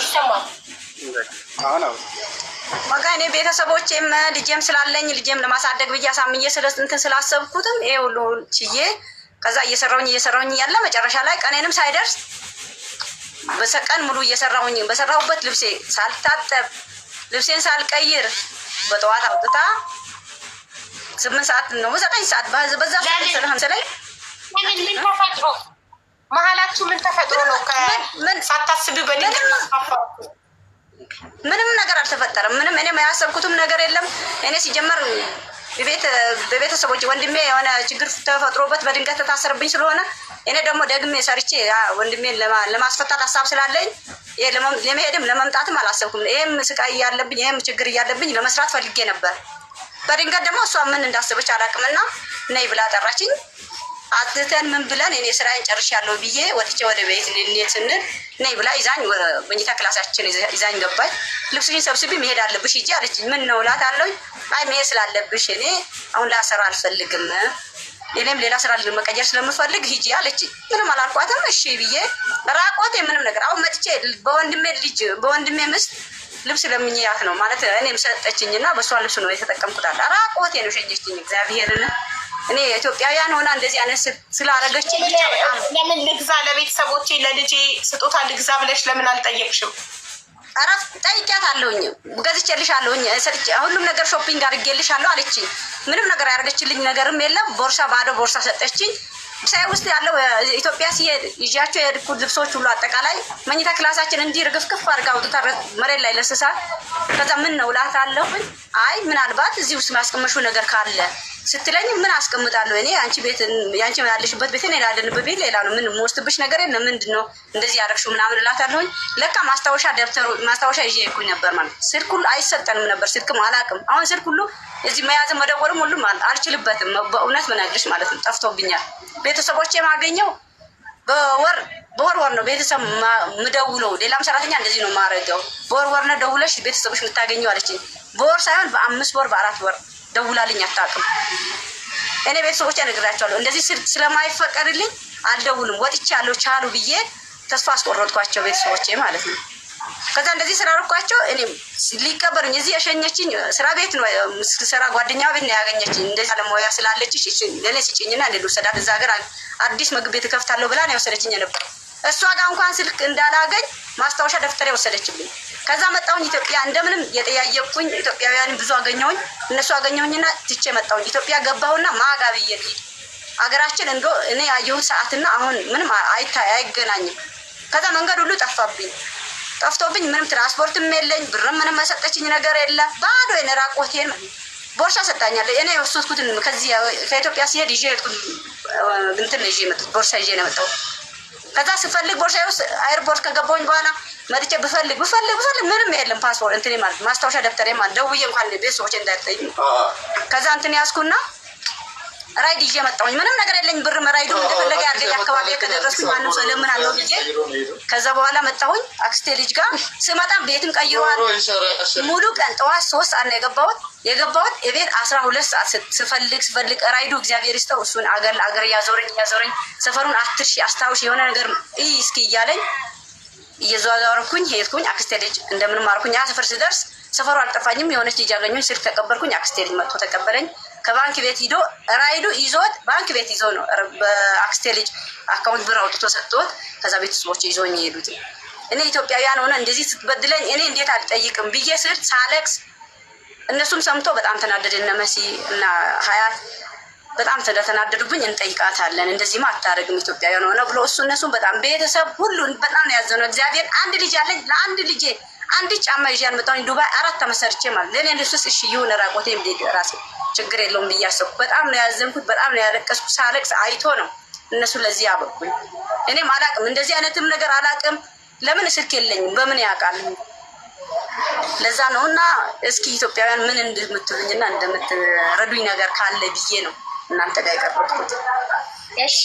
ይሰማል። በቃ እኔ ቤተሰቦቼም ልጄም ስላለኝ ልጄም ለማሳደግ ብዬ አሳምዬ እንትን ስላሰብኩትም ይሄ ሁሉ ችዬ ከዛ እየሰራውኝ እየሰራውኝ ያለ መጨረሻ ላይ ቀኔንም ሳይደርስ በሰቀን ሙሉ እየሰራውኝ በሰራሁበት ልብሴ ሳልታጠብ ልብሴን ሳልቀይር በጠዋት አውጥታ ስምንት ሰዓት ነው ዘጠኝ ሰዓት በዛ ላይ ምን ተፈጥሮ መሀላችሁ ምን ተፈጥሮ ነው? ምን ሳታስብ በኔ ምንም ነገር አልተፈጠረም። ምንም እኔ ያሰብኩትም ነገር የለም። እኔ ሲጀመር በቤተሰቦች ወንድሜ የሆነ ችግር ተፈጥሮበት በድንገት ተታሰርብኝ ስለሆነ እኔ ደግሞ ደግሜ ሰርቼ ወንድሜን ለማስፈታት ሀሳብ ስላለኝ ለመሄድም ለመምጣትም አላሰብኩም። ይህም ስቃይ እያለብኝ ይህም ችግር እያለብኝ ለመስራት ፈልጌ ነበር። በድንገት ደግሞ እሷ ምን እንዳሰበች አላቅምና ነይ ብላ ጠራችኝ። አትተን ምን ብለን እኔ ስራዬን ጨርሻለሁ ብዬ ወጥቼ ወደ ቤት ልኔ ስንል ነይ ብላ ይዛኝ መኝታ ክላሳችን ይዛኝ ገባች። ልብስሽን ሰብስቢ መሄድ አለብሽ እጂ አለች። ምን ነው ላት አለኝ። አይ መሄድ ስላለብሽ እኔ አሁን ላሰራ አልፈልግም እኔም ሌላ ስራ መቀየር ስለምፈልግ ሂጂ አለች። ምንም አላልኳትም። እሺ ብዬ ራቆቴ ምንም ነገር አሁን መጥቼ በወንድሜ ልጅ በወንድሜ ምስት ልብስ ለምኝያት ነው ማለት እኔም ሰጠችኝና በእሷ ልብስ ነው የተጠቀምኩታል። ራቆቴ ነው ሸኘችኝ። እግዚአብሔርን እኔ ኢትዮጵያውያን ሆና እንደዚህ አይነት ስላረገች ለምን ልግዛ፣ ለቤተሰቦቼ ለልጄ ስጦታ ልግዛ ብለሽ ለምን አልጠየቅሽም? ኧረ ጠይቂያት አለሁኝ ገዝቼልሽ አለሁኝ ሁሉም ነገር ሾፒንግ አድርጌልሽ አለሁ አለችኝ። ምንም ነገር ያደረገችልኝ ነገርም የለም። ቦርሳ ባዶ ቦርሳ ሰጠችኝ። ሻይ ውስጥ ያለው ኢትዮጵያ ሲሄድ ይዣቸው የሄድኩት ልብሶች ሁሉ አጠቃላይ መኝታ ክላሳችን እንዲህ ርግፍክፍ አድርጋ አውጥታ መሬት ላይ ለስሳት ከዛ ምን ነው አለሁኝ አይ ምናልባት እዚህ ውስጥ የሚያስቀመሹ ነገር ካለ ስትለኝ ምን አስቀምጣለሁ እኔ አንቺ ቤት ያንቺ ያለሽበት ቤት ላለን ቤት ሌላ ነው። ምን የምወስድብሽ ነገር የለ ምንድን ነው እንደዚህ ያደረግሽው ምናምን እላታለሁኝ። ለካ ማስታወሻ ደብተሩ ማስታወሻ ይዤ ይኩኝ ነበር ማለት ስልክ ሁሉ አይሰጠንም ነበር። ስልክም አላውቅም። አሁን ስልክ ሁሉ እዚህ መያዘ መደወልም ሁሉም አልችልበትም። በእውነት ብነግርሽ ማለት ነው ጠፍቶብኛል። ቤተሰቦች የማገኘው በወር በወር ወር ነው ቤተሰብ ምደውለው። ሌላም ሰራተኛ እንደዚህ ነው ማረገው። በወር ወር ነው ደውለሽ ቤተሰቦች የምታገኘው አለችኝ። በወር ሳይሆን በአምስት ወር በአራት ወር ደውላልኝ አታውቅም። እኔ ቤተሰቦች እነግራቸዋለሁ። እንደዚህ ስለማይፈቀድልኝ አልደውልም። ወጥቼ ያለው ቻሉ ብዬ ተስፋ አስቆረጥኳቸው ቤተሰቦቼ ማለት ነው። ከዛ እንደዚህ ስራ ስላደረኳቸው እኔ ሊቀበሉኝ እዚህ የሸኘችኝ ስራ ቤት ነው ስራ ጓደኛ ቤት ነው ያገኘችኝ። እንደዚህ አለሙያ ስላለች ለእኔ ስጭኝና እንደ ልውሰዳት እዛ ሀገር አዲስ ምግብ ቤት እከፍታለሁ ብላ ነው የወሰደችኝ የነበረው እሷ ጋር እንኳን ስልክ እንዳላገኝ ማስታወሻ ደፍተር የወሰደችብኝ ከዛ መጣሁኝ ኢትዮጵያ እንደምንም የጠያየኩኝ ኢትዮጵያውያን ብዙ አገኘሁኝ። እነሱ አገኘሁኝና ትቼ መጣሁኝ። ኢትዮጵያ ገባሁና ማጋ ብዬ አገራችን እንዶ እኔ ያየሁት ሰዓትና አሁን ምንም አይገናኝም። ከዛ መንገድ ሁሉ ጠፋብኝ። ጠፍቶብኝ ምንም ትራንስፖርትም የለኝ ብርም ምንም መሰጠችኝ ነገር የለ። ባዶ የነራቆቴን ቦርሳ ሰጣኛለ። እኔ የወሰድኩትን ከዚህ ከኢትዮጵያ ሲሄድ ይዤ እንትን ይዤ ቦርሳ ይዤ ነው የመጣሁት ከዛ ስፈልግ ቦርሳ ውስጥ አይርፖርት ከገባሁኝ በኋላ መጥቼ ብፈልግ ብፈልግ ብፈልግ ምንም የለም። ፓስፖርት እንትን ማለት ማስታወሻ ደብተሬ ማለት ደውዬ እንኳን ሰዎች እንዳይጠይቁ ከዛ እንትን ያስኩና ራይድ ይዤ መጣሁኝ። ምንም ነገር የለኝ ብር ራይዱ እንደፈለገ ያርገ አካባቢ ከደረስኩኝ ማንም ሰው ለምን አለው ብዬ ከዛ በኋላ መጣሁኝ አክስቴ ልጅ ጋር ስመጣ ቤትም ቀይረዋል። ሙሉ ቀን ጠዋት ሶስት አና የገባሁት የገባሁት የቤት አስራ ሁለት ሰዓት ስፈልግ ስፈልግ ራይዱ እግዚአብሔር ይስጠው እሱን አገር ለአገር እያዞረኝ እያዞረኝ ሰፈሩን አትርሺ አስታውሽ የሆነ ነገር እይ እስኪ እያለኝ እየዘዋዛወርኩኝ ሄድኩኝ። አክስቴ ልጅ እንደምንም አልኩኝ። ያ ሰፈር ስደርስ ሰፈሩ አልጠፋኝም። የሆነች ልጅ ያገኙኝ ስልክ ተቀበልኩኝ። አክስቴ ልጅ መጥቶ ተቀበለኝ። ከባንክ ቤት ሂዶ ራይዱ ይዞት ባንክ ቤት ይዞ ነው በአክስቴ ልጅ አካውንት ብር አውጥቶ ሰጥቶት ከዛ ቤተሰቦች ይዞኝ የሄዱት። እኔ ኢትዮጵያውያን ሆነ እንደዚህ ስትበድለኝ እኔ እንዴት አልጠይቅም ብዬ ስል ሳለቅስ እነሱም ሰምቶ በጣም ተናደድ እነ መሲ እና ሀያት በጣም ስለተናደዱብኝ እንጠይቃታለን እንደዚህማ አታደርግም ኢትዮጵያውያን ሆነ ብሎ እሱ እነሱም በጣም ቤተሰብ ሁሉ በጣም ያዘነው እግዚአብሔር አንድ ልጅ አለኝ ለአንድ ልጄ አንድ ጫማ ይዤ አልመጣሁኝ። ዱባይ አራት ዓመት ሰርቼ ማለት ለእኔ ልብስስ እሺ ይሁን ራቆቴ ራሴ ችግር የለውም ብዬ በጣም ነው ያዘንኩት። በጣም ነው ያለቀስኩ። ሳለቅስ አይቶ ነው እነሱ ለዚህ ያበቁኝ። እኔም አላቅም፣ እንደዚህ አይነትም ነገር አላቅም። ለምን ስልክ የለኝም፣ በምን ያውቃል? ለዛ ነው እና እስኪ ኢትዮጵያውያን ምን እንደምትሉኝና እንደምትረዱኝ ነገር ካለ ብዬ ነው እናንተ ጋር የቀረብኩት። እሺ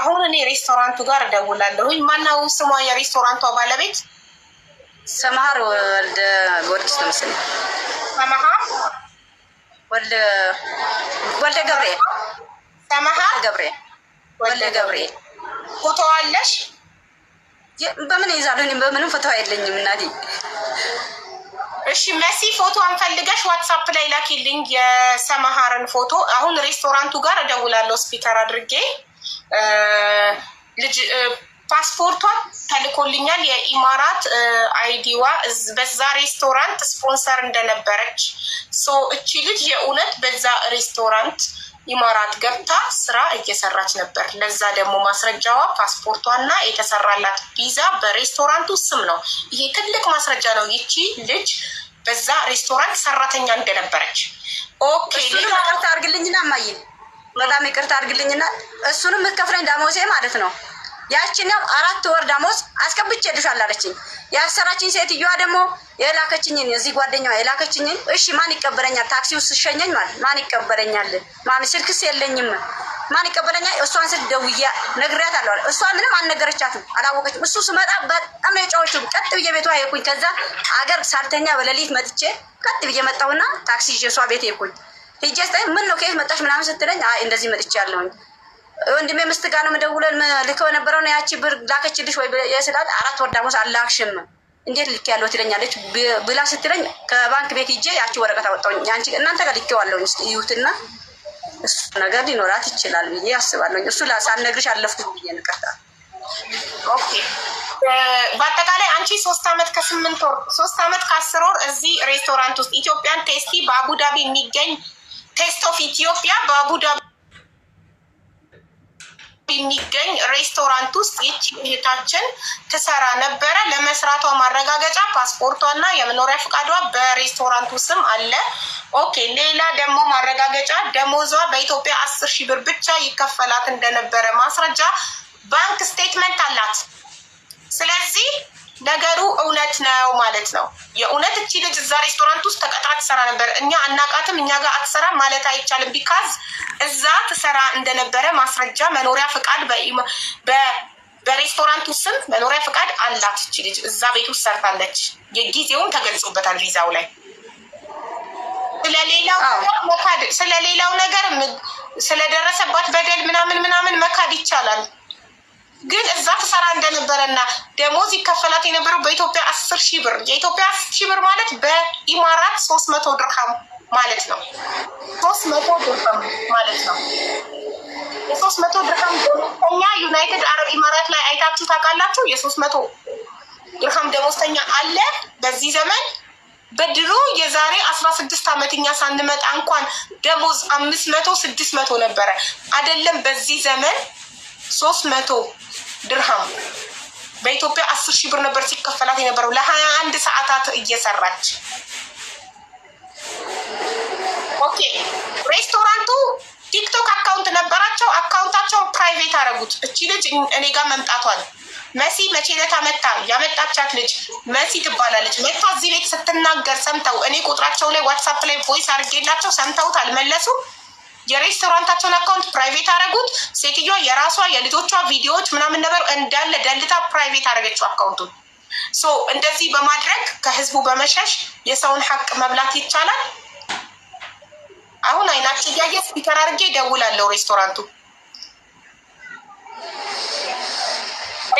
አሁን እኔ ሬስቶራንቱ ጋር እደውላለሁኝ። ማናው ስሟ የሬስቶራንቷ ባለቤት ሰማሃር ወልደ ጊዮርጊስ ነው መሰለኝ። ሰማሃር ወልደ ወልደ ገብርኤል ሰማሃር ገብርኤል ወልደ ገብርኤል ፎቶ አለሽ? በምን ይዛለሁ? እኔም በምንም ፎቶ የለኝም እናቴ። እሺ መሲ ፎቶዋን ፈልገሽ ዋትሳፕ ላይ ላኪልኝ፣ የሰምሃርን ፎቶ። አሁን ሬስቶራንቱ ጋር እደውላለሁ ስፒከር አድርጌ ልጅ ፓስፖርቷ ተልኮልኛል። የኢማራት አይዲዋ በዛ ሬስቶራንት ስፖንሰር እንደነበረች እቺ ልጅ የእውነት በዛ ሬስቶራንት ኢማራት ገብታ ስራ እየሰራች ነበር። ለዛ ደግሞ ማስረጃዋ ፓስፖርቷ እና የተሰራላት ቪዛ በሬስቶራንቱ ስም ነው። ይሄ ትልቅ ማስረጃ ነው። ይቺ ልጅ በዛ ሬስቶራንት ሰራተኛ እንደነበረች። ኦኬ ይቅርታ አድርግልኝና፣ እማዬ በጣም ይቅርታ አድርግልኝና፣ እሱንም ምትከፍለኝ ደሞዜ ማለት ነው ያችንም አራት ወር ደሞዝ አስገብቼልሻለሁ አለችኝ። ያሰራችኝ ሴትዮዋ ደግሞ የላከችኝን እዚህ ጓደኛዋ የላከችኝን እሺ ማን ይቀበለኛል? ታክሲ ውስጥ ስሸኘኝ ማለት ማን ይቀበለኛል? ማን ስልክስ የለኝም ማን ይቀበለኛል? እሷን ስል ደውዬ አለዋል። እሷ ምንም አልነገረቻትም፣ አላወቀችም። እሱ ስመጣ በጣም ነው የጫወችው። ቀጥ ብዬ ቤቷ ሄድኩኝ። ከዛ አገር ሳልተኛ በሌሊት መጥቼ ቀጥ ብዬ መጣሁና ታክሲ ይዤ እሷ ቤት ሄድኩኝ። ሂጄ ስጠኝ ምን ነው ከየት መጣሽ ምናምን ስትለኝ አይ እንደዚህ መጥቼ ያለሁኝ ወንድሜ ምስት ጋር ነው መደውለን ልከው የነበረው ነው ያቺ ብር ላከችልሽ ወይ ስላት አራት ወር ደሞዝ አላክሽም እንዴት ልክ ያለው ትለኛለች ብላ ስትለኝ ከባንክ ቤት ሂጄ ያቺ ወረቀት አወጣሁኝ። አንቺ እናንተ ጋር ልኬዋለሁኝ እዩትና እሱ ነገር ሊኖራት ይችላል ብዬ አስባለሁ። እሱ ሳልነግርሽ አለፍኩ ብዬ ንቅርታ። በአጠቃላይ አንቺ ሶስት አመት ከስምንት ወር ሶስት አመት ከአስር ወር እዚህ ሬስቶራንት ውስጥ ኢትዮጵያን ቴስቲ በአቡዳቢ የሚገኝ ቴስት ኦፍ ኢትዮጵያ በአቡዳቢ የሚገኝ ሬስቶራንት ውስጥ ይቺ እህታችን ትሰራ ነበረ። ለመስራቷ ማረጋገጫ ፓስፖርቷና የመኖሪያ ፈቃዷ በሬስቶራንቱ ስም አለ። ኦኬ። ሌላ ደግሞ ማረጋገጫ ደሞዟ በኢትዮጵያ አስር ሺህ ብር ብቻ ይከፈላት እንደነበረ ማስረጃ ባንክ ስቴትመንት አላት። ስለዚህ ነገሩ እውነት ነው ማለት ነው። የእውነት እቺ ልጅ እዛ ሬስቶራንት ውስጥ ተቀጥራ ትሰራ ነበር። እኛ አናቃትም፣ እኛ ጋር አትሰራ ማለት አይቻልም። ቢካዝ እዛ ትሰራ እንደነበረ ማስረጃ መኖሪያ ፍቃድ በሬስቶራንቱ ስም መኖሪያ ፍቃድ አላት። እቺ ልጅ እዛ ቤት ውስጥ ሰርታለች። የጊዜውም ተገልጾበታል ቪዛው ላይ። ስለሌላው ነገር ስለደረሰባት በደል ምናምን ምናምን መካድ ይቻላል። ግን እዛ ትሰራ እንደነበረና ደሞዝ ይከፈላት የነበረው በኢትዮጵያ አስር ሺህ ብር የኢትዮጵያ አስር ሺህ ብር ማለት በኢማራት ሶስት መቶ ድርሃም ማለት ነው። ሶስት መቶ ድርሃም ማለት ነው። የሶስት መቶ ድርሃም ደሞዝተኛ ዩናይትድ አረብ ኢማራት ላይ አይታችሁ ታውቃላችሁ? የሶስት መቶ ድርሃም ደሞዝተኛ አለ በዚህ ዘመን። በድሮ የዛሬ አስራ ስድስት ዓመት እኛ ሳንመጣ እንኳን ደሞዝ አምስት መቶ ስድስት መቶ ነበረ አይደለም። በዚህ ዘመን ሶስት መቶ ድርሃም በኢትዮጵያ አስር ሺህ ብር ነበር ሲከፈላት የነበረው ለሀያ አንድ ሰዓታት እየሰራች ኦኬ። ሬስቶራንቱ ቲክቶክ አካውንት ነበራቸው። አካውንታቸውን ፕራይቬት አደረጉት። እቺ ልጅ እኔ ጋር መምጣቷል መሲ መቼ ዕለት መታ ያመጣቻት ልጅ መሲ ትባላለች። መታ እዚህ ቤት ስትናገር ሰምተው እኔ ቁጥራቸው ላይ ዋትሳፕ ላይ ቮይስ አድርጌላቸው ሰምተውት አልመለሱም። የሬስቶራንታቸውን አካውንት ፕራይቬት አደረጉት። ሴትዮዋ የራሷ የልጆቿ ቪዲዮዎች ምናምን ነገር እንዳለ ደልታ ፕራይቬት አደረገችው አካውንቱን። ሶ እንደዚህ በማድረግ ከህዝቡ በመሸሽ የሰውን ሀቅ መብላት ይቻላል። አሁን አይናችሁ እያየ ስፒከር አድርጌ ደውላለሁ። ሬስቶራንቱ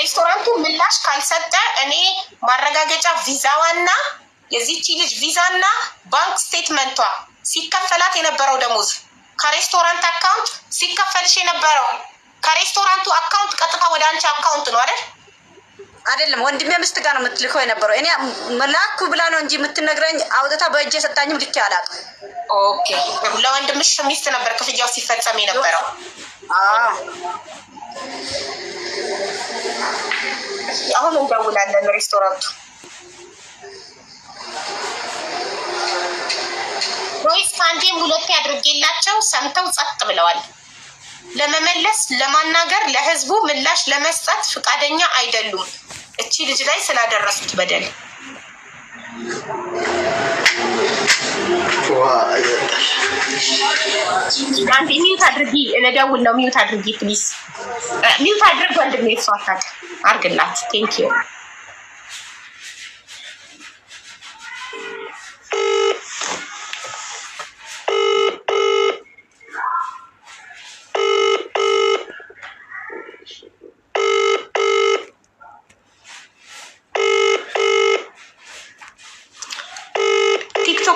ሬስቶራንቱ ምላሽ ካልሰጠ እኔ ማረጋገጫ ቪዛዋና የዚቺ ልጅ ቪዛና ባንክ ስቴትመንቷ ሲከፈላት የነበረው ደሞዝ ከሬስቶራንት አካውንት ሲከፈልሽ የነበረው ከሬስቶራንቱ አካውንት ቀጥታ ወደ አንቺ አካውንት ነው አይደል? አይደለም ወንድሜ ምስት ጋር ነው የምትልከው የነበረው። እኔ መላኩ ብላ ነው እንጂ የምትነግረኝ አውጥታ በእጅ የሰጣኝም ልኬ አላውቅም። ኦኬ ለወንድምሽ ሚስት ነበር ክፍያው ሲፈጸም የነበረው። አሁን እንደውላለን ሬስቶራንቱ ቮይስ ከአንዴም ሁለቴ አድርጌላቸው ሰምተው ጸጥ ብለዋል። ለመመለስ፣ ለማናገር፣ ለህዝቡ ምላሽ ለመስጠት ፈቃደኛ አይደሉም። እቺ ልጅ ላይ ስላደረሱት በደል አንዴ ሚዩት አድርጊ፣ ለደውል ነው። ሚዩት አድርጊ ፕሊስ፣ ሚዩት አድርግ ወንድሜ። እሷ አርግላት። አድርግላት። ዩ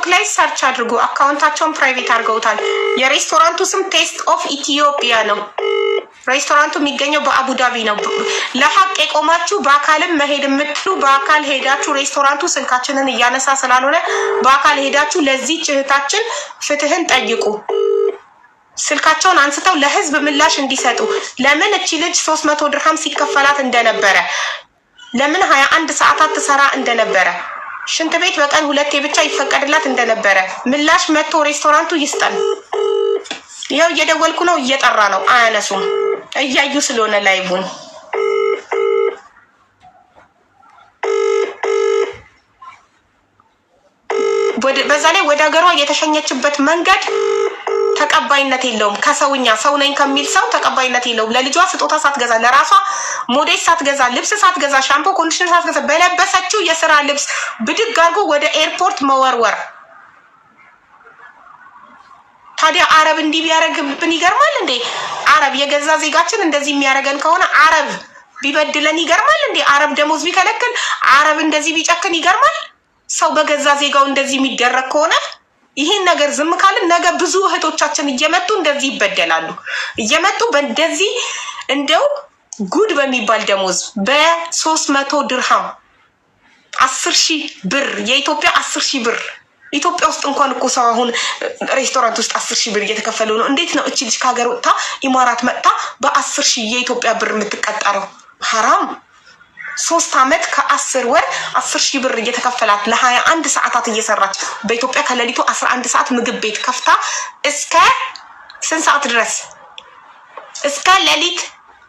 ፌስቡክ ላይ ሰርች አድርጉ። አካውንታቸውን ፕራይቬት አድርገውታል። የሬስቶራንቱ ስም ቴስት ኦፍ ኢትዮጵያ ነው። ሬስቶራንቱ የሚገኘው በአቡዳቢ ነው። ለሀቅ የቆማችሁ በአካልም መሄድ የምትሉ በአካል ሄዳችሁ ሬስቶራንቱ ስልካችንን እያነሳ ስላልሆነ በአካል ሄዳችሁ ለዚህ ጭህታችን ፍትህን ጠይቁ። ስልካቸውን አንስተው ለህዝብ ምላሽ እንዲሰጡ ለምን እቺ ልጅ ሶስት መቶ ድርሃም ሲከፈላት እንደነበረ ለምን ሀያ አንድ ሰዓታት ትሰራ እንደነበረ ሽንት ቤት በቀን ሁለቴ ብቻ ይፈቀድላት እንደነበረ ምላሽ መጥቶ ሬስቶራንቱ ይስጠን። ይኸው እየደወልኩ ነው፣ እየጠራ ነው፣ አያነሱም። እያዩ ስለሆነ ላይቡን በዛ ላይ ወደ ሀገሯ የተሸኘችበት መንገድ ተቀባይነት የለውም። ከሰውኛ ሰው ነኝ ከሚል ሰው ተቀባይነት የለውም። ለልጇ ስጦታ ሳትገዛ፣ ለራሷ ሞዴስ ሳትገዛ፣ ልብስ ሳትገዛ፣ ሻምፖ ኮንዲሽነር ሳትገዛ በለበሰችው የስራ ልብስ ብድግ አድርጎ ወደ ኤርፖርት መወርወር። ታዲያ አረብ እንዲህ ቢያደርግብን ይገርማል እንዴ? አረብ የገዛ ዜጋችን እንደዚህ የሚያደርገን ከሆነ አረብ ቢበድለን ይገርማል እንዴ? አረብ ደሞዝ ቢከለክል፣ አረብ እንደዚህ ቢጨክን ይገርማል? ሰው በገዛ ዜጋው እንደዚህ የሚደረግ ከሆነ ይሄን ነገር ዝም ካልን ነገ ብዙ እህቶቻችን እየመጡ እንደዚህ ይበደላሉ። እየመጡ በእንደዚህ እንደው ጉድ በሚባል ደሞዝ በሶስት መቶ ድርሃም አስር ሺህ ብር የኢትዮጵያ አስር ሺህ ብር ኢትዮጵያ ውስጥ እንኳን እኮ ሰው አሁን ሬስቶራንት ውስጥ አስር ሺህ ብር እየተከፈለው ነው። እንዴት ነው እቺ ልጅ ከሀገር ወጥታ ኢማራት መጥታ በአስር ሺህ የኢትዮጵያ ብር የምትቀጠረው? ሀራም ሶስት አመት ከአስር ወር አስር ሺህ ብር እየተከፈላት ለሀያ አንድ ሰዓታት እየሰራች በኢትዮጵያ ከሌሊቱ አስራ አንድ ሰዓት ምግብ ቤት ከፍታ እስከ ስንት ሰዓት ድረስ እስከ ሌሊት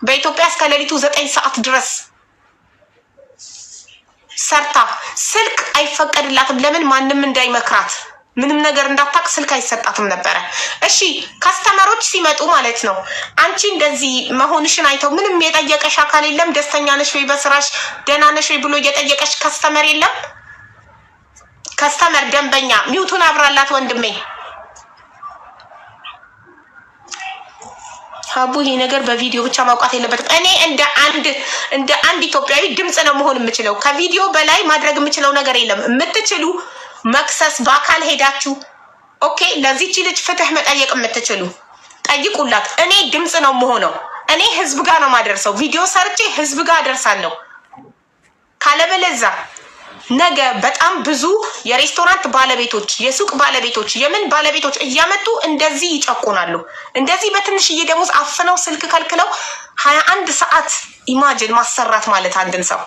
በኢትዮጵያ እስከ ሌሊቱ ዘጠኝ ሰዓት ድረስ ሰርታ ስልክ አይፈቀድላትም። ለምን? ማንም እንዳይመክራት ምንም ነገር እንዳታቅ ስልክ አይሰጣትም ነበረ። እሺ ከስተመሮች ሲመጡ ማለት ነው አንቺ እንደዚህ መሆንሽን አይተው ምንም የጠየቀሽ አካል የለም? ደስተኛ ነሽ ወይ በስራሽ ደህና ነሽ ወይ ብሎ እየጠየቀሽ ከስተመር የለም? ከስተመር ደንበኛ ሚውቱን አብራላት ወንድሜ ሀቡ ይሄ ነገር በቪዲዮ ብቻ ማውቃት የለበትም። እኔ እንደ አንድ እንደ አንድ ኢትዮጵያዊ ድምፅ ነው መሆን የምችለው። ከቪዲዮ በላይ ማድረግ የምችለው ነገር የለም። የምትችሉ መክሰስ በአካል ሄዳችሁ ኦኬ፣ ለዚች ልጅ ፍትህ መጠየቅ የምትችሉ ጠይቁላት። እኔ ድምፅ ነው የምሆነው። እኔ ህዝብ ጋር ነው ማደርሰው። ቪዲዮ ሰርቼ ህዝብ ጋር አደርሳለሁ። ካለበለዛ ነገ በጣም ብዙ የሬስቶራንት ባለቤቶች፣ የሱቅ ባለቤቶች፣ የምን ባለቤቶች እያመጡ እንደዚህ ይጨቁናሉ። እንደዚህ በትንሽዬ ደሞዝ አፍነው ስልክ ከልክለው ሀያ አንድ ሰዓት ኢማጅን ማሰራት ማለት አንድን ሰው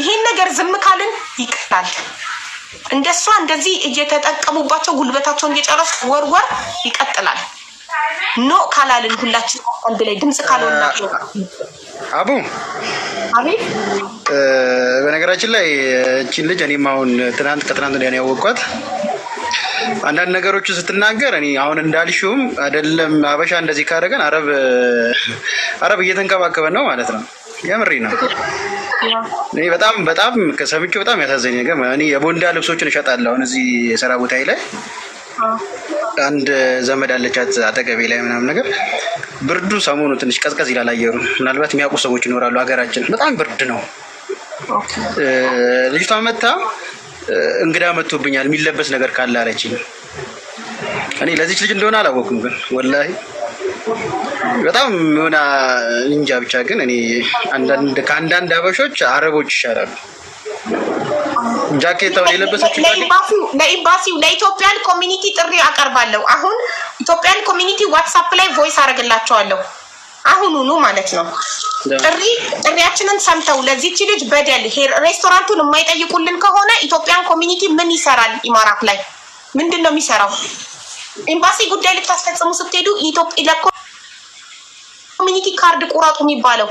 ይሄን ነገር ዝም ካልን ይቀጣል። እንደሷ እንደዚህ እየተጠቀሙባቸው ጉልበታቸውን እየጨረሱ ወርወር ይቀጥላል። ኖ ካላልን ሁላችን አንድ ላይ ድምፅ ካልሆና አቡ በነገራችን ላይ እቺን ልጅ እኔም አሁን ትናንት ከትናንት ወዲያ ያወቅኳት። አንዳንድ ነገሮቹ ስትናገር እኔ አሁን እንዳልሽውም አይደለም አበሻ እንደዚህ ካደረገን አረብ አረብ እየተንከባከበን ነው ማለት ነው የምሬ ነው። እኔ በጣም በጣም ከሰምቼው በጣም ያሳዘኝ ነገር እኔ የቦንዳ ልብሶችን እሸጣለሁ። አሁን እዚህ የስራ ቦታ ላይ አንድ ዘመድ አለቻት አጠገቤ ላይ ምናምን ነገር ብርዱ ሰሞኑ ትንሽ ቀዝቀዝ ይላል አየሩ። ምናልባት የሚያውቁ ሰዎች ይኖራሉ። ሀገራችን በጣም ብርድ ነው። ልጅቷ መታ እንግዳ መጥቶብኛል የሚለበስ ነገር ካለ አለችኝ። እኔ ለዚች ልጅ እንደሆነ አላወኩም ግን ወላሂ በጣም የሆነ እንጃ ብቻ ግን እኔ ከአንዳንድ አበሾች አረቦች ይሻላሉ። ጃኬታውን የለበሰችው ለኢምባሲው ለኢትዮጵያን ኮሚኒቲ ጥሪ አቀርባለሁ። አሁን ኢትዮጵያን ኮሚኒቲ ዋትሳፕ ላይ ቮይስ አደርግላቸዋለሁ። አሁኑኑ ማለት ነው። ጥሪ ጥሪያችንን ሰምተው ለዚች ልጅ በደል ሄር ሬስቶራንቱን የማይጠይቁልን ከሆነ ኢትዮጵያን ኮሚኒቲ ምን ይሰራል? ኢማራት ላይ ምንድን ነው የሚሰራው? ኤምባሲ ጉዳይ ልታስፈጽሙ ስትሄዱ ለኮ ኮሚኒቲ ካርድ ቁረጡ የሚባለው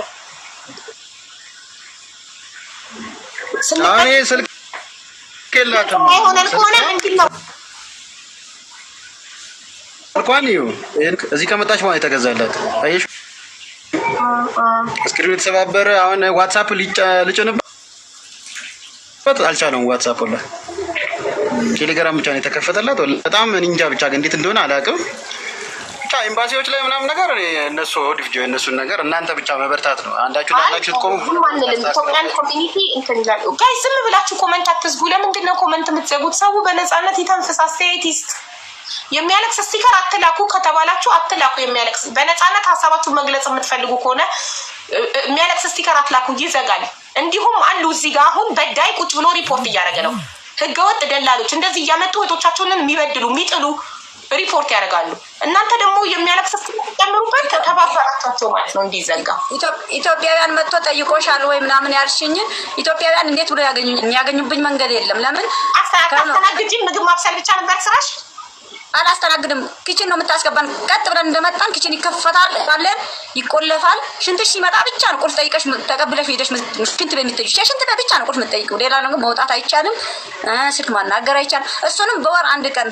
ሆነን ከሆነ ምንድን ነው? እንኳን እዚህ ከመጣች ማለት የተገዛላት አየሽ፣ እስክሪኑ የተሰባበረ አሁን ዋትሳፕ ልጭንበት አልቻለም። ዋትሳፕ ላ ቴሌግራም ብቻ ነው የተከፈተላት። በጣም እንጃ ብቻ ግን እንዴት እንደሆነ አላውቅም። ብቻ ኤምባሲዎች ላይ ምናምን ነገር እነሱ ዲቪጆ የነሱን ነገር እናንተ ብቻ መበርታት ነው። አንዳችሁ ላላችሁ ትቆሙ አንልም። ኢትዮጵያን ኮሚኒቲ እንትን ይላሉ። ጋይ ዝም ብላችሁ ኮመንት አትዝጉ። ለምንድን ነው ኮመንት የምትዘጉት? ሰው በነፃነት የተንፈስ አስተያየት ይስጥ። የሚያለቅስ ስቲከር አትላኩ ከተባላችሁ አትላኩ። የሚያለቅስ በነፃነት ሀሳባችሁ መግለጽ የምትፈልጉ ከሆነ የሚያለቅስ ስቲከር አትላኩ፣ ይዘጋል። እንዲሁም አንዱ እዚህ ጋር አሁን በዳይ ቁጭ ብሎ ሪፖርት እያደረገ ነው። ህገወጥ ደላሎች እንደዚህ እያመጡ እህቶቻቸውን የሚበድሉ የሚጥሉ ሪፖርት ያደርጋሉ። እናንተ ደግሞ የሚያለቅስ ጨምሩበት፣ ተባበራቸው ማለት ነው እንዲዘጋ። ኢትዮጵያውያን መጥቶ ጠይቆሻል ወይ ምናምን ያልሽኝን ኢትዮጵያውያን እንዴት ብሎ የሚያገኙብኝ መንገድ የለም። ለምን አስተናግጅ? ምግብ ማብሰል ብቻ ነበር ስራሽ? አላስተናግድም። ኪችን ነው የምታስገባን። ቀጥ ብለን እንደመጣን ኪችን ይከፈታል አለ ይቆለፋል። ሽንትሽ ሲመጣ ብቻ ነው ቁልፍ ጠይቀሽ ተቀብለሽ ሄደሽ ሽንት ቤት የምትጠይቂው ሽንት ብቻ ነው ቁልፍ የምትጠይቂው። ሌላ ነገር መውጣት አይቻልም። ስልክ ማናገር አይቻልም። እሱንም በወር አንድ ቀን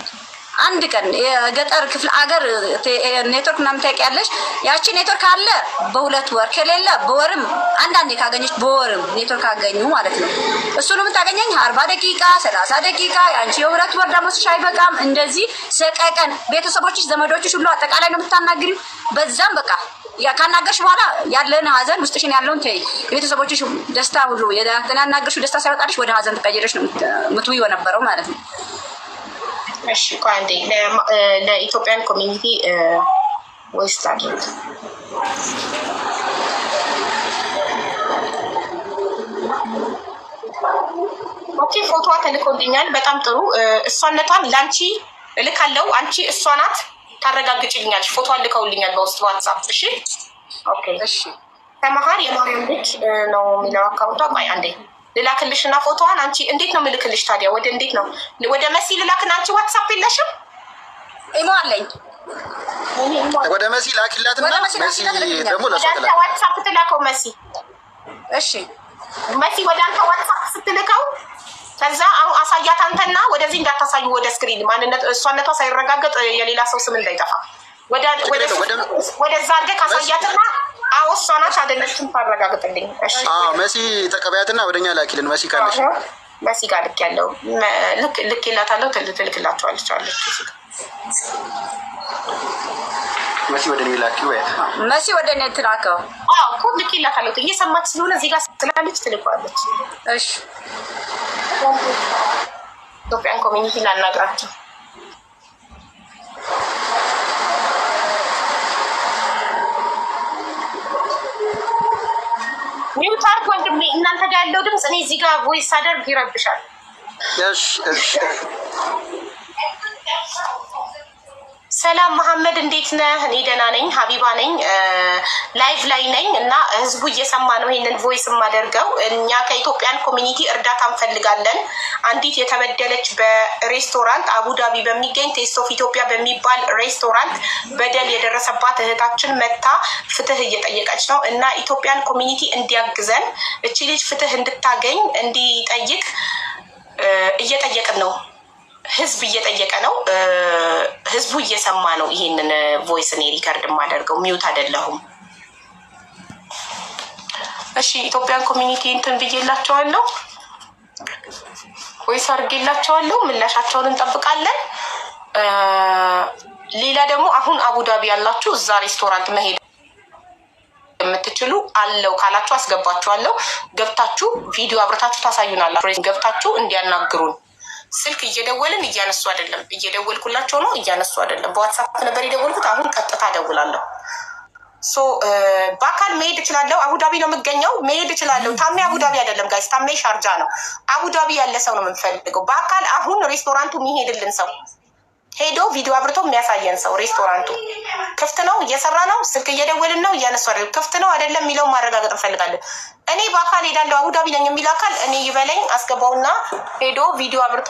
አንድ ቀን የገጠር ክፍለ አገር ኔትወርክ ምናምን ታውቂያለሽ። ያቺ ኔትወርክ አለ በሁለት ወር ከሌለ በወርም አንዳንዴ ካገኘች በወርም ኔትወርክ አገኙ ማለት ነው። እሱንም ታገኘኝ አርባ ደቂቃ ሰላሳ ደቂቃ ያንቺ የሁለት ወር ደሞዝሽ አይበቃም። እንደዚህ ሰቀቀን ቤተሰቦችሽ፣ ዘመዶችሽ ሁሉ አጠቃላይ ነው የምታናግሪው። በዛም በቃ ካናገርሽ በኋላ ያለን ሀዘን ውስጥሽን ያለውን ተይ። የቤተሰቦችሽ ደስታ ሁሉ የተናናገርሽው ደስታ ሳይወጣልሽ ወደ ሀዘን ተቀየረሽ ነው የምትውይው ነበረው ማለት ነው። እሺ ቆይ አንዴ ለኢትዮጵያን ኮሚኒቲ ወይስ አድርግ ኦኬ፣ ፎቶዋ ተልኮልኛል። በጣም ጥሩ። እሷነቷን ለአንቺ እልካለሁ። አንቺ እሷ ናት ታረጋግጭልኛለሽ። ፎቶዋን ልከውልኛል በውስጥ ዋትሳፕ። እሺ፣ ኦኬ፣ እሺ። ተመሃር የማርያም ልጅ ነው የሚለው አካውንቷ። ቆይ አንዴ ልላክልሽና ፎቶዋን አንቺ እንዴት ነው ምልክልሽ? ታዲያ ወደ እንዴት ነው ወደ መሲ ልላክና አንቺ ዋትሳፕ የለሽም? ኢሞ አለኝ። ወደ መሲ ላኪላትና መሲ ደግሞ ዋትሳፕ ትላከው መሲ። እሺ መሲ ወደ አንተ ዋትሳፕ ስትልከው ከዛ አሁን አሳያት አንተና፣ ወደዚህ እንዳታሳዩ ወደ ስክሪን ማንነት እሷነቷ ሳይረጋገጥ የሌላ ሰው ስም እንዳይጠፋ ወደዛ አድርገህ ካሳያትና አዎ እሷ ናት አይደለችም? ታረጋግጥልኝ። መሲ ተቀበያትና ወደኛ ላኪልን። መሲ ካለች መሲ ጋር ልክ ያለው ልክ ይላታለው ትልክላቸዋለች አለች። መሲ ወደ እኔ ላኪው በያት። መሲ ወደ እኔ ትላከው እኮ ልክ ይላታለው። እየሰማች ስለሆነ እዚህ ጋር ስላለች ትልኳለች። እሺ ኢትዮጵያን ኮሚኒቲ ላናግራቸው አርግ ወንድሜ። እናንተ ጋር ያለው ድምፅ እኔ እዚህ ጋር ቮይስ አደርግ ይረብሻል። ሰላም መሐመድ እንዴት ነህ? እኔ ደህና ነኝ፣ ሀቢባ ነኝ። ላይቭ ላይ ነኝ እና ህዝቡ እየሰማ ነው ይሄንን ቮይስ የማደርገው። እኛ ከኢትዮጵያን ኮሚኒቲ እርዳታ እንፈልጋለን። አንዲት የተበደለች በሬስቶራንት አቡዳቢ በሚገኝ ቴስት ኦፍ ኢትዮጵያ በሚባል ሬስቶራንት በደል የደረሰባት እህታችን መታ ፍትህ እየጠየቀች ነው እና ኢትዮጵያን ኮሚኒቲ እንዲያግዘን እቺ ልጅ ፍትህ እንድታገኝ እንዲጠይቅ እየጠየቅን ነው ህዝብ እየጠየቀ ነው። ህዝቡ እየሰማ ነው። ይሄንን ቮይስ እኔ ሪከርድ የማደርገው ሚውት አይደለሁም። እሺ ኢትዮጵያን ኮሚኒቲ እንትን ብዬላቸዋለሁ፣ ቮይስ አድርጌላቸዋለሁ። ምላሻቸውን እንጠብቃለን። ሌላ ደግሞ አሁን አቡዳቢ ያላችሁ እዛ ሬስቶራንት መሄድ የምትችሉ አለው ካላችሁ አስገባችኋለሁ። ገብታችሁ ቪዲዮ አብረታችሁ ታሳዩናላችሁ። ገብታችሁ እንዲያናግሩን ስልክ እየደወልን እያነሱ አይደለም። እየደወልኩላቸው ነው፣ እያነሱ አይደለም። በዋትሳፕ ነበር የደወልኩት። አሁን ቀጥታ ደውላለሁ። በአካል መሄድ እችላለሁ። አቡዳቢ ነው የምገኘው፣ መሄድ እችላለሁ። ታሜ አቡዳቢ አይደለም ጋይስ፣ ታሜ ሻርጃ ነው። አቡዳቢ ያለ ሰው ነው የምንፈልገው፣ በአካል አሁን ሬስቶራንቱ የሚሄድልን ሰው ሄዶ ቪዲዮ አብርቶ የሚያሳየን ሰው ሬስቶራንቱ ክፍት ነው፣ እየሰራ ነው፣ ስልክ እየደወልን ነው፣ እያነሱ አደ ክፍት ነው አይደለም የሚለው ማረጋገጥ እንፈልጋለን። እኔ በአካል ሄዳለሁ አቡዳቢ ነኝ የሚል አካል እኔ ይበለኝ አስገባውና ሄዶ ቪዲዮ አብርቶ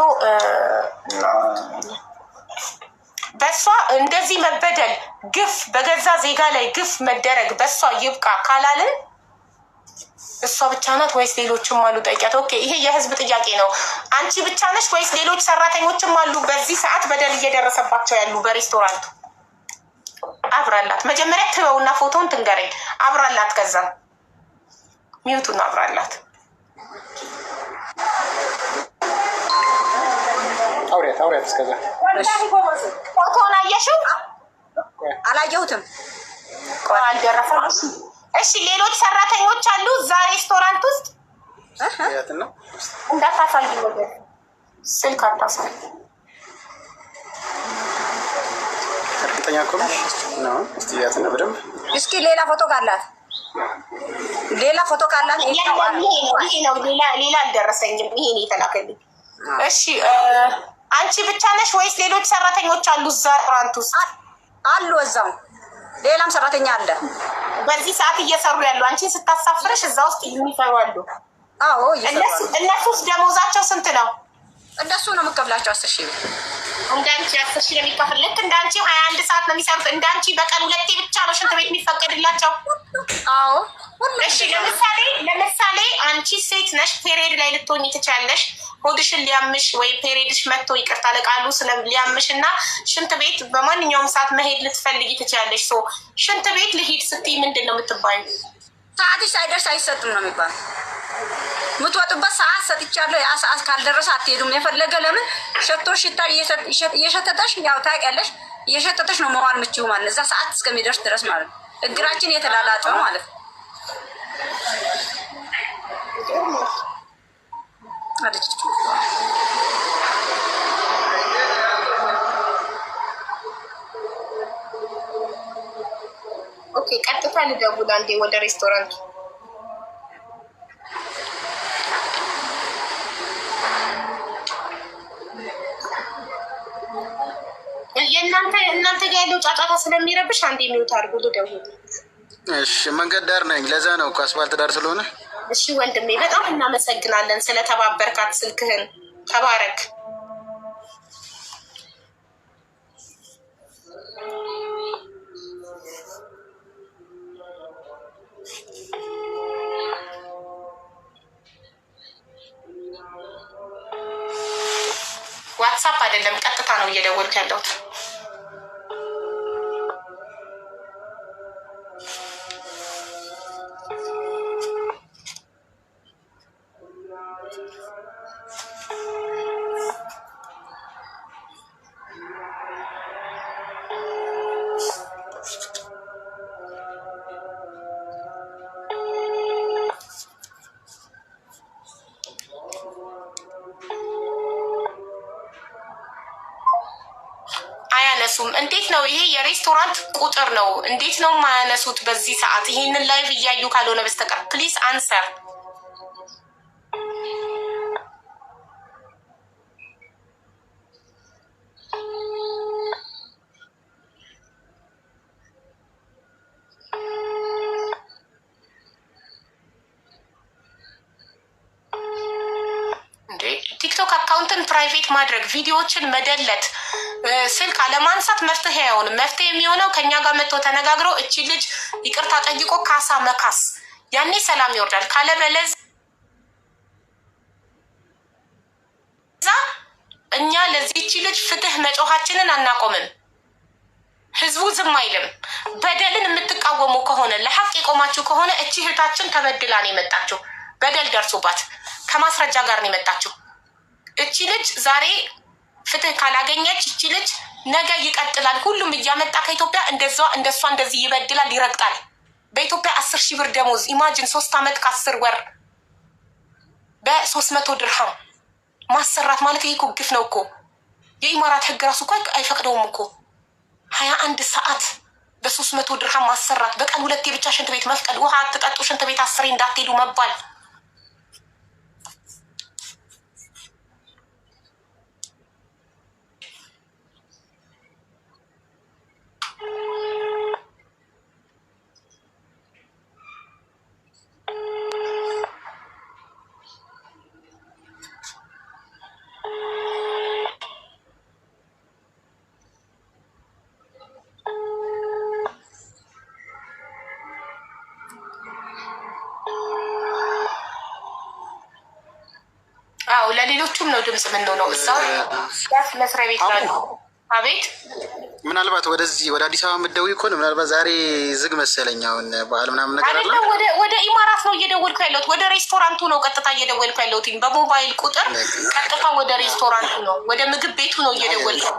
በእሷ እንደዚህ መበደል፣ ግፍ በገዛ ዜጋ ላይ ግፍ መደረግ በእሷ ይብቃ ካላልን እሷ ብቻ ናት ወይስ ሌሎችም አሉ? ጠይቂያት። ኦኬ፣ ይሄ የህዝብ ጥያቄ ነው። አንቺ ብቻ ነሽ ወይስ ሌሎች ሰራተኞችም አሉ? በዚህ ሰዓት በደል እየደረሰባቸው ያሉ በሬስቶራንቱ። አብራላት መጀመሪያ ትበውና ፎቶውን ትንገረኝ። አብራላት፣ ከዛ ሚውቱን አብራላት። አውሪያት አውሪያት። እስከዛ ፎቶውን አየሽው? አላየሁትም። አልደረሰ እሺ፣ ሌሎች ሰራተኞች አሉ እዛ ሬስቶራንት ውስጥ እንዳታሳይ፣ ስልክ አታሳይ። እርግጠኛ እኮ ነው። እስቲ ያትና በደንብ እስኪ ሌላ ፎቶ ካላት ሌላ ፎቶ ካላት ይሄ ነው። ሌላ ሌላ አልደረሰኝም። ይሄን ነው የተላከልኝ። እሺ፣ አንቺ ብቻ ነሽ ወይስ ሌሎች ሰራተኞች አሉ እዛ ራንቱስ? አሉ እዛው ሌላም ሰራተኛ አለ በዚህ ሰዓት እየሰሩ ያሉ አንቺ ስታሳፍረሽ እዛ ውስጥ የሚሰሩ አሉ። እነሱስ ደሞዛቸው ስንት ነው? እንደሱ ነው የምከፍላቸው። አስር ሺህ ብር እንዳንቺ አስር ሺህ ነው የሚከፍል። ልክ እንዳንቺ ሀያ አንድ ሰዓት ነው የሚሰሩት። እንዳንቺ በቀን ሁለቴ ብቻ ነው ሽንት ቤት የሚፈቀድላቸው። አዎ እሺ ለምሳሌ ለምሳሌ አንቺ ሴት ነሽ፣ ፔሬድ ላይ ልትሆኝ ትችያለሽ። ሆድሽን ሊያምሽ ወይ ፔሬድሽ መጥቶ ይቅርታ ለቃሉ ሊያምሽ እና ሽንት ቤት በማንኛውም ሰዓት መሄድ ልትፈልጊ ትችያለሽ። ሶ ሽንት ቤት ልሂድ ስትይ ምንድን ነው የምትባዩ? ሰዓትሽ ሳይደርስ አይሰጥም ነው የሚባለው። የምትወጡበት ሰዓት ሰጥቻለሁ፣ ያ ሰዓት ካልደረሰ አትሄዱም። የፈለገ ለምን ሸቶሽ ሽታ እየሸተተሽ ያው ታውቂያለሽ፣ እየሸተተሽ ነው መዋል ምችው ማለት እዛ ሰዓት እስከሚደርስ ድረስ ማለት ነው። እግራችን የተላላጠው ማለት ነው። ኦኬ፣ ቀጥታ ልደውል አንዴ ወደ ሬስቶራንቱ። የእናንተ እናንተ ጋር ያለው ጫጫታ ስለሚረብሽ አንዴ የሚውት አድርጎ ልደውል። እሺ መንገድ ዳር ነኝ። ለዛ ነው እኮ አስፋልት ዳር ስለሆነ። እሺ ወንድሜ በጣም እናመሰግናለን ስለተባበርካት። ስልክህን ተባረክ። ዋትሳፕ አይደለም ቀጥታ ነው እየደወልክ ያለሁት። ሬስቶራንት ቁጥር ነው። እንዴት ነው የማያነሱት በዚህ ሰዓት? ይህንን ላይቭ እያዩ ካልሆነ በስተቀር ፕሊስ አንሰር። ቲክቶክ አካውንትን ፕራይቬት ማድረግ ቪዲዮዎችን መደለት ስልክ አለማንሳት መፍትሄ አይሆንም። መፍትሄ የሚሆነው ከእኛ ጋር መጥቶ ተነጋግሮ እቺ ልጅ ይቅርታ ጠይቆ ካሳ መካስ፣ ያኔ ሰላም ይወርዳል። ካለበለዛ እኛ ለዚህቺ ልጅ ፍትህ መጮኻችንን አናቆምም። ህዝቡ ዝም አይልም። በደልን የምትቃወሙ ከሆነ ለሀቅ የቆማችሁ ከሆነ እቺ እህታችን ተበድላ ነው የመጣችሁ። በደል ደርሶባት ከማስረጃ ጋር ነው የመጣችሁ እቺ ልጅ ዛሬ ፍትህ ካላገኘች ይቺ ልጅ ነገ ይቀጥላል። ሁሉም እያመጣ ከኢትዮጵያ እንደዛ እንደሷ እንደዚህ ይበድላል፣ ይረግጣል። በኢትዮጵያ አስር ሺህ ብር ደሞዝ ኢማጂን ሶስት ዓመት ከአስር ወር በሶስት መቶ ድርሃም ማሰራት ማለት ይሄ እኮ ግፍ ነው እኮ የኢማራት ህግ ራሱ እኮ አይፈቅደውም እኮ ሀያ አንድ ሰዓት በሶስት መቶ ድርሃም ማሰራት በቀን ሁለቴ ብቻ ሽንት ቤት መፍቀድ ውሃ አትጠጡ ሽንት ቤት አስሬ እንዳትሄዱ መባል ለሌሎቹም ነው ድምፅ ምን ነው ነው እዛው መስሪያ ቤት አቤት ምናልባት ወደዚህ ወደ አዲስ አበባ የምትደውይ እኮ ምናልባት ዛሬ ዝግ መሰለኝ፣ አሁን በዓል ምናምን ነገር አለ። ወደ ኢማራት ነው እየደወልኩ ያለሁት፣ ወደ ሬስቶራንቱ ነው ቀጥታ እየደወልኩ ያለሁት። በሞባይል ቁጥር ቀጥታ ወደ ሬስቶራንቱ ነው፣ ወደ ምግብ ቤቱ ነው እየደወልኩ